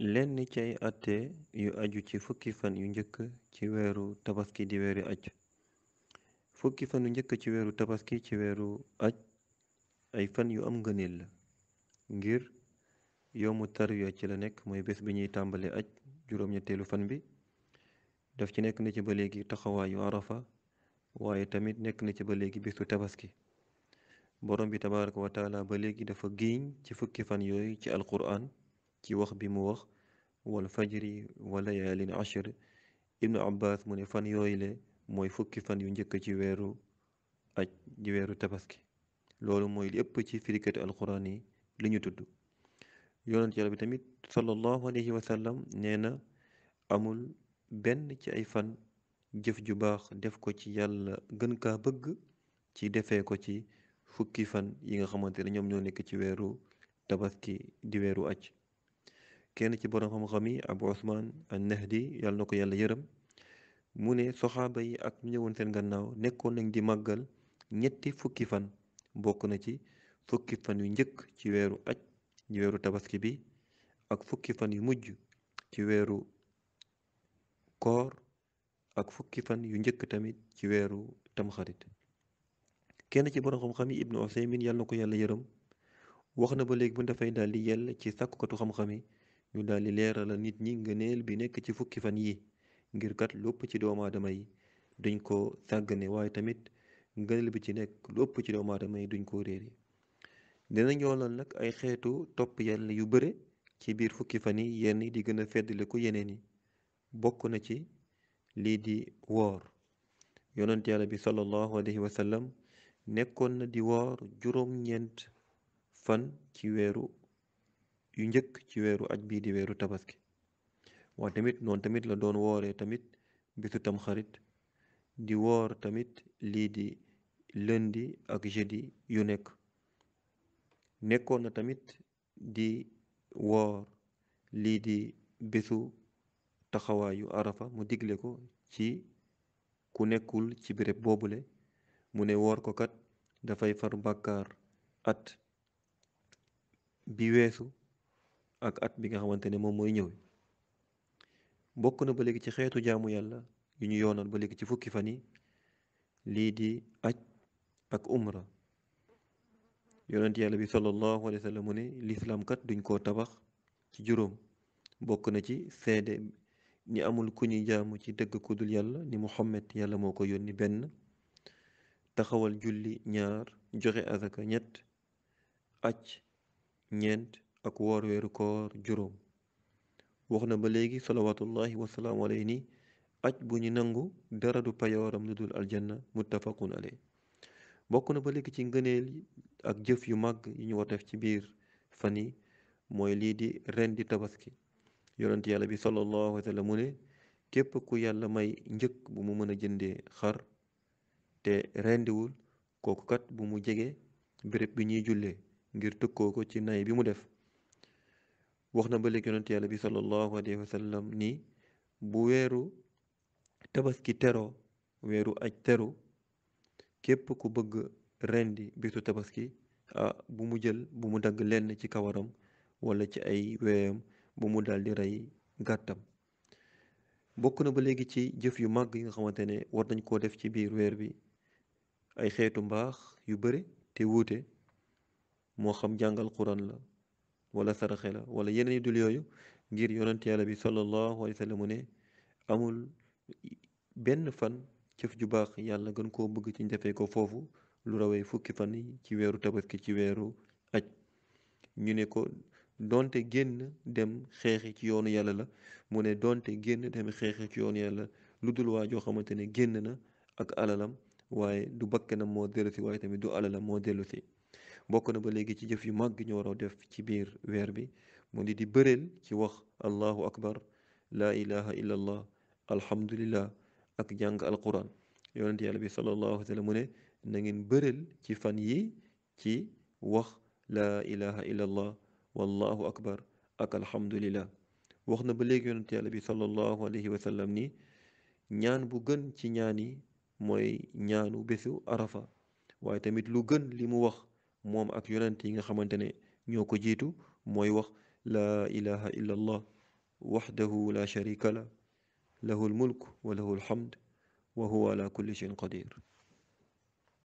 lenn ci ay atte yu aju ci fukki fan yu njëkk ci weeru tabaski di weeru aj fukki fan yu njëkk ci weeru tabaski ci weeru aj ay fan yu am ngëneel la ngir yowmu tarwiya ci la nekk mooy bés bi ñuy tàmbale aj juróom-ñetteelu fan bi daf ci nekk na ci ba léegi taxawaayu arafa waaye tamit nekk na ci ba léegi bésu tabaski boroom bi tabaraka wa ba léegi dafa giiñ ci fukki fan yooyu ci alquran ci wax bi mu wax wal fajri wa layaalin ashr ibnu abbas mu ne fan yooyle mooy fukki fan yu njëkk ci weeru aj di weeru tabaski loolu mooy li ëpp ci firikati alquran yi li ñu tudd yonent yàlla bi tamit sallallahu alayhi wa sallam nee na amul benn ci ay fan jëf ju baax def ko ci yàlla gën kaa bëgg ci defee ko ci fukki fan yi nga xamante ne ñoom ñoo nekk ci weeru tabaski di weeru aj kenn ci borom xam-xam yi abu osman an nahdi yàlla na ko yàlla yërëm mu ne soxaaba yi ak ñëwoon seen gannaaw nekkoon nañ di màggal ñetti fukki fan bokk na ci fukki fan yu njëkk ci weeru aj ci weeru tabaski bi ak fukki fan yu mujj ci weeru koor ak fukki fan yu njëkk tamit ci weeru tamxarit kenn ci borom xam-xam yi ibnu usaymin yàlla na ko yàlla yërëm wax na ba léegi bu dafay daal di yell ci sàkkukatu xam-xam ñu daal di leerala nit ñi ngëneel bi nekk ci fukki fan yi ngir kat lépp ci doomu yi duñ ko sàggane waaye tamit ngëneel bi ci nekk lépp ci doomu yi duñ ko réere dina ñoolal nag ay xeetu topp yàlla yu bare ci biir fukki fan yi yenn di gën a feddale ko yeneen yi bokk na ci lii di woor yonent yàlla bi sallallahu alayhi wa nekkoon na di woor juróom-ñeent fan ci weeru yu njëkk ci weeru aj bii di weeru tabaski waaye tamit noonu tamit la doon wooree tamit bisu tamxarit di woor tamit lii di lundi ak jeudi yu nekk nekkoon na tamit di woor lii di bésu taxawaayu arafa mu digle ko ci ku nekkul ci béréb boobule mu ne woor ko kat dafay far bàkkaar at bi weesu ak at bi nga xamante ne moom mooy ñëw bokk na ba léegi ci xeetu jaamu yàlla yu ñu yoonal ba léegi ci fukki fan yi lii di aj ak umra yonent yàlla bi sallallahu alayhi wa sallam ne lislaam kat duñ koo tabax ci juróom bokk na ci seede ni amul ku ñuy jaamu ci dëgg ku yàlla ni Muhammad yàlla moo ko yónni benn taxawal julli ñaar joxe azaka ñett aj ñeent ak woor weeru koor juróom wax na ba léegi salawatullahi wasalaamu alayhi ni aj bu ñu nangu dara du payooram lu dul aljanna muttafaqun alay bokk na ba léegi ci ngëneel ak jëf yu mag yu ñu war def ci biir fan yi mooy lii di rendi tabaski yonent yàlla bi sallallahu alayhi wa ne képp ku yàlla may njëkk bu mu mën a jëndee xar te rendiwul kooku kat bu mu jege béréb bi ñuy jullee ngir tëkkoo ko ci nay bi mu def wax na ba léegi yonent yàlla bi sallallahu alayhi wa sallam ni bu weeru tabaski tero weeru aj teru képp ku bëgg rendi bisu tabaski ah bu mu jël bu mu dagg lenn ci kawaram walla ci ay weyam bu mu daal di rey gàttam bokk na ba léegi ci jëf yu màgg yi nga xamante ne war nañ koo def ci biir weer bi ay xeetu mbaax yu bare te wuute moo xam jàngal quran la wala saraxe la wala yeneen yi dul yooyu ngir yonent yàlla bi sallallahu alayhi wa sallam ne amul benn fan cëf ju baax yàlla gën koo bëgg ci defee ko foofu lu rawee fukki fan yi ci weeru tabaski ci weeru aj ñu ne ko donte génn dem xeexi ci yoonu yàlla la mu ne donte génn dem xeexi ci yoonu yàlla lu dul waa joo xamante ne génn na ak alalam waaye du na moo dellusi waaye tamit du alalam moo dellu dellusi bokk na ba léegi ci jëf yu màgg ñu waroo def ci biir weer bi mu di di bëreel ci wax allahu akbar laa ilaha illa allah alhamdulillah ak jàng alquran yonent yàlla bi sallallahu alayhi wa sallam mu ne na ngeen bëreel ci fan yi ci wax laa ilaha illa allah wallahu akbar ak alhamdulillah wax na ba léegi yonent yàlla bi sallallahu alayhi wa sallam ni ñaan bu gën ci ñaan yi mooy ñaanu bésu arafa waaye tamit lu gën li mu wax moom ak yonent yi nga xamante ne ñoo ko jiitu mooy wax la ilaha illa allah waxdahu la sharika la lahu almulk wa lahu alhamd wa huwa ala kulli shay'in qadir